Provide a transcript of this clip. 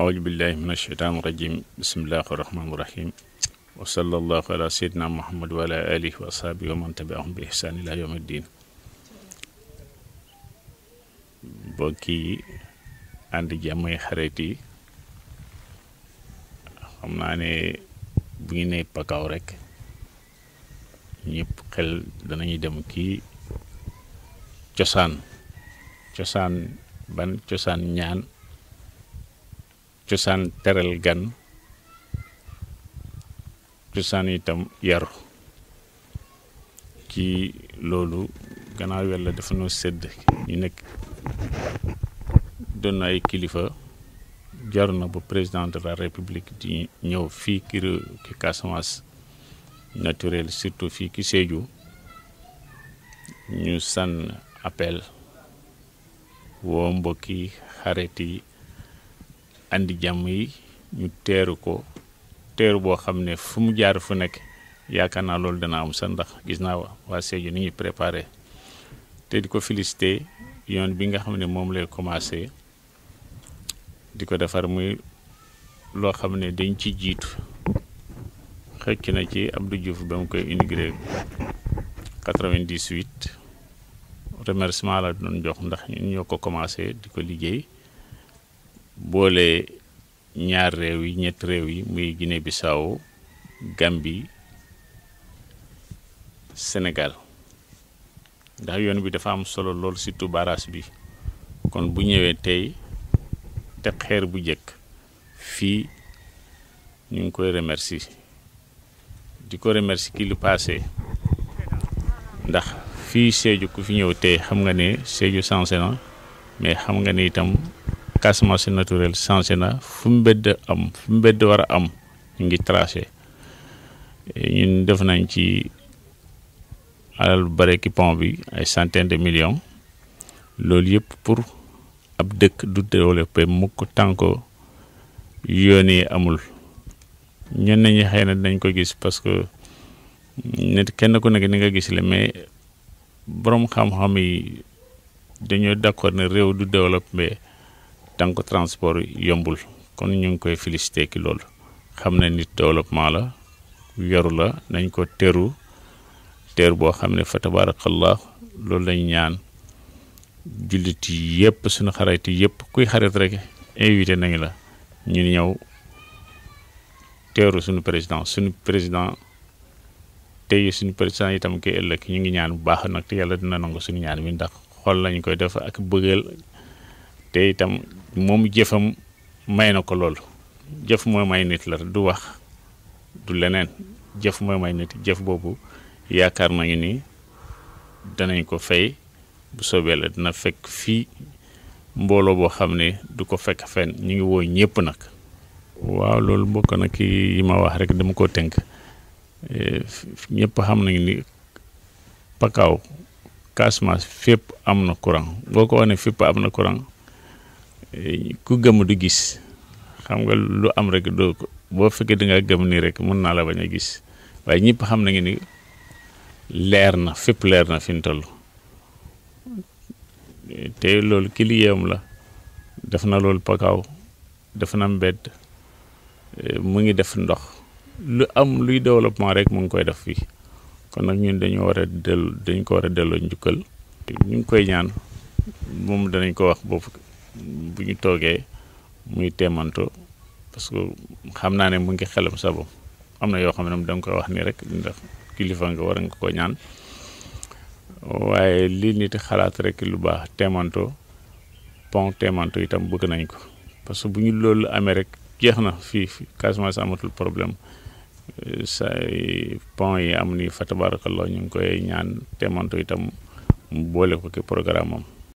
أعوذ بالله من الشيطان الرجيم بسم الله الرحمن الرحيم وصلى الله على سيدنا محمد وعلى آله وأصحابه ومن تبعهم بإحسان إلى يوم الدين بوكي عند ànd خريتي xarit yi xam naa ne bu ñu nee pakaaw rek ñëpp xel danañu dem kii cosaan cosaan ban cosaan ñaan cosaan teral gan cosaan itam yaru ci loolu gannaaw yàlla dafa noo sedd ñu nekk doon ay kilifa jar na ba président de la république di ñëw fii ki ki Casamance naturel surtout fii ki Sédhiou ñu sànn appel woo mbokki xarit andi jàmm yi ñu teeru ko teeru boo xam ne fu mu jaar fu nekk yaakaar naa loolu dana am sa ndax gis naa waa Sédhiou ni ñuy préparé te di ko félicité yoon bi nga xam ne moom lay commencé di ko defar muy loo xam ne dañ ci jiitu xëcc na ci ab Abdou Diouf ba mu koy inauguré 98 remerciement la doon jox ndax ñun ñoo ko commencé di ko liggéey. boole ñaar réew yi ñett réew yi muy Guinée Bissau Gambie Sénégal ndax yoon bi dafa am solo loolu surtout barrage bi kon bu ñëwee tey teg xeer bu njëkk fii ñu ngi koy remercier di ko remercier ki lu paase ndax fii Sédhiou ku fi ñëw tey xam nga ne Sédhiou sensé na mais xam nga ne itam. Casamance naturel changé na fu mbedd am fu mbedd war a am ñu ngi tracé ñun def nañ ci alal bu bare ki pont bi ay centaine de million loolu yëpp pour ab dëkk du développé mukk tànko yoon yi amul ñenn ñi xëy na dinañ ko gis parce que kenn ku nekk ni nga gis le mais borom xam-xam yi dañoo d'accord ne réew du développé donc transport yombul kon ñu ngi koy féliciter ki loolu xam ne nit développement la yoru la nañ ko teru teer boo xam ne fa tabarakallah loolu lañ ñaan jullit yépp suñu xarit yépp kuy xarit rek invité nañ la ñu ñëw teeru suñu président suñu président tey suñu président itam ke ëllëg ñu ngi ñaan bu baax nag te yàlla dina nangu suñu ñaan mi ndax xol lañ koy def ak te itam moom jëfam may na ko loolu jëf mooy may nit la du wax du leneen jëf mooy may nit jëf boobu yaakaar nañu ni danañ ko fay bu soobee la dina fekk fii mbooloo boo xam ne du ko fekk fenn ñu ngi woo ñëpp nag waaw loolu bokk na ki yi ma wax rek dama ko tënk eh, ñëpp xam nañu ni pakaaw Casamance fépp am na courant boo ko wane fépp courant ku gëm du gis xam nga lu am rek do bo fekke da nga gëm ni rek mën na la baña gis waye ñepp xam na ni leer na fep leer na fi tollu té lool kiliyam la def na lool pakaw def na mbedd mu ngi def ndox lu am luy développement rek mu ngi koy def fi kon nak ñun dañu wara del dañ ko wara delo ñukkel ñu ngi koy ñaan mom dañ ko wax bofu bu ñu toogee muy temanto parce que xam naa ne mu ngi xelam sabab am na yoo xam ne moom da koy wax nii rek ndax kilifa nga war nga ko ñaan waaye li nit xalaat rek lu baax teemanto pont teemanto itam bëgg nañ ko parce que bu ñu loolu amee rek jeex na fii fii Casamance amatul problème euh, sa pont yi am ni fa tabarakallah ñu ngi koy ñaan teemanto itam mu boole ko ki programme